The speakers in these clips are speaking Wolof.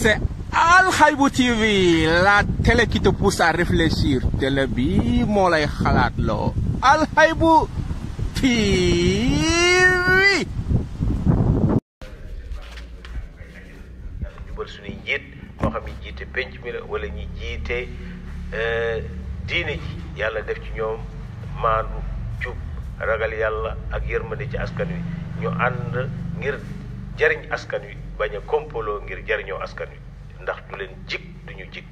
c'est Al Haïbou TV la télé qui te à réfléchir télé bi moo lay xalaat loo Al Haïbou TV. jubal suñuy xam ñi jiite wala ñi jiite euh, diine ji yàlla def ci ñoom maandu jub ragal yàlla ak yërmande ci askan wi ñu ànd ngir. jariñ askan wi bañ a kompaloo ngir jariñoo askan wi ndax du leen jig duñu jig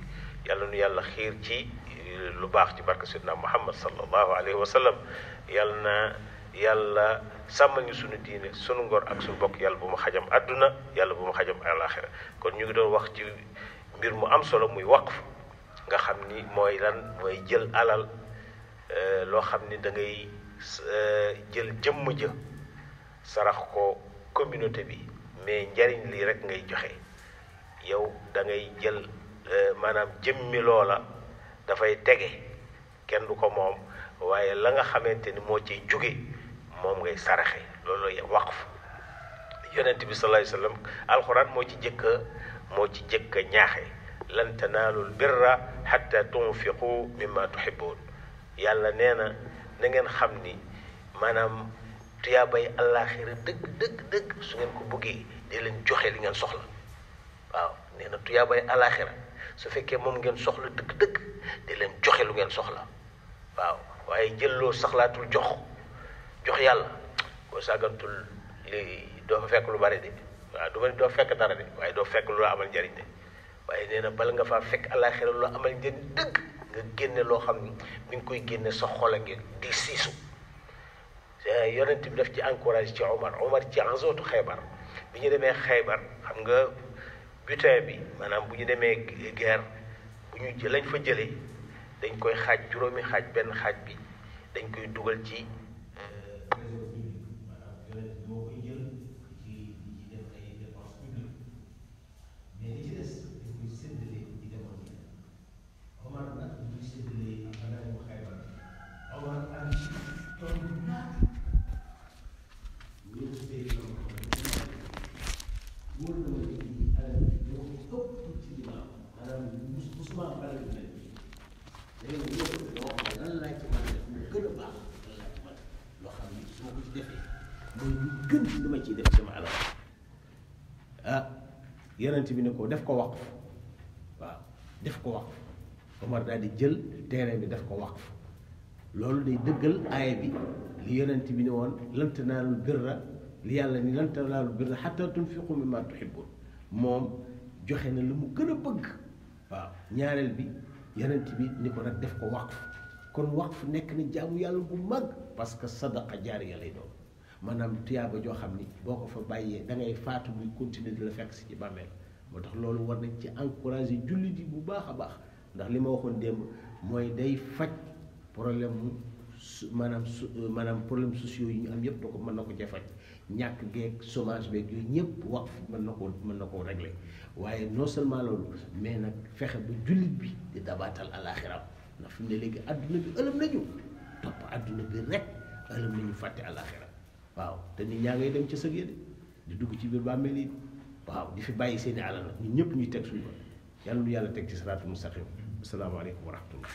yàlla nu yàlla xiir ci eh, lu baax ci barke sidna muhammad sallallahu alayhi wa sallam yàlla na yàlla sàmmal ñu suñu diine suñu ngor ak suñu bokk yàlla bu mu xajam àdduna yàlla bu mu xajam alaxira kon ñu ngi doon wax ci mbir mu am solo muy waqf nga xam ni mooy lan mooy jël alal eh, loo xam ni dangay eh, jël jëmm jë sarax ko communauté bi mais njariñ lii rek ngay joxe yow dangay jël euh, maanaam jëmmi loola dafay tege kenn du ko moom waaye la nga xamante ni moo ciy jóge moom ngay saraxe loolu waqf yonent bi sallallahu alayhi wasallam alxuraan moo ci jëkk moo ci jëkk a ñaaxe lan tanaalul birra hatta tunfiqu mimma tuhibbuun yàlla nee na na xam ni maanaam tuyaabay àllaaxira dëgg dëgg dëgg su ngeen ko bëggee dee leen joxe li ngeen soxla waaw nee na tuyaabay alaaxira su fekkee moom ngeen soxla dëgg-dëgg dee leen joxe lu ngeen soxla waaw waaye jëlloo saxlaatul jox jox yàlla boo sàggantul li doo fa fekk lu bari de waaw du ne doo fekk dara de waaye doo fekk lu la amal njariñ de waaye nee na bala nga fa fekk alaaxira lu la amal njariñ dëkk nga génne loo xam ni mi ngi koy génne sa xol a ngi di siisu yonent bi daf ci encouragé ci Omar Omar ci azootu Xaybar bi ñu demee xaybar xam nga butin bi maanaam bu ñu demee guerre bu ñu lañ fa jële dañ koy xaaj juróomi xaaj benn xaaj bi dañ koy dugal ci. Euh, mooy lu gën lu ma ci def sama alal ah yonent bi ne ko def ko waqf waaw def ko waqf Omar daal di jël terrain bi def ko wax loolu day dëggal aaya bi li yonent bi ne woon lan tanaalul birra li yàlla ni lan tanaalul birra xatta tunfiqu mimma tuhibbun moom joxe na lu mu gën a bëgg waaw ñaareel bi yonent bi ni ko def ko waqf kon fu nekk na jaamu yàlla bu mag parce que sadaqa jaariya lay doon maanaam tuyaaba joo xam ni boo ko fa bàyyee da ngay faatu muy continuer di la fekk si ci bàmmeel moo tax loolu war nañ ci encourager jullit yi bu baax a baax ndax li ma waxoon démb mooy day faj problème mu su maanaam su euh, maanaam problème sociaux yi ñu am yëpp da ko mën na ko cee faj ñàkk geeg chômage beeg yooyu ñëpp waqf mën na koo mën na koo régler waaye non seulement loolu mais nag fexe bu jullit bi di dabaatal alaxiraam ndax fi mu ne léegi adduna bi ëlëm nañu topp waaw te nit ñaa ngay dem ca sëg yi di dugg ci biir bàmmeel yi waaw di fi bàyyi seeni alal nag ñun ñëpp ñuy teg suñu ba yàlla lu yàlla teg ci salaatu mustaqim asalaamaaleykum wa rahmatullah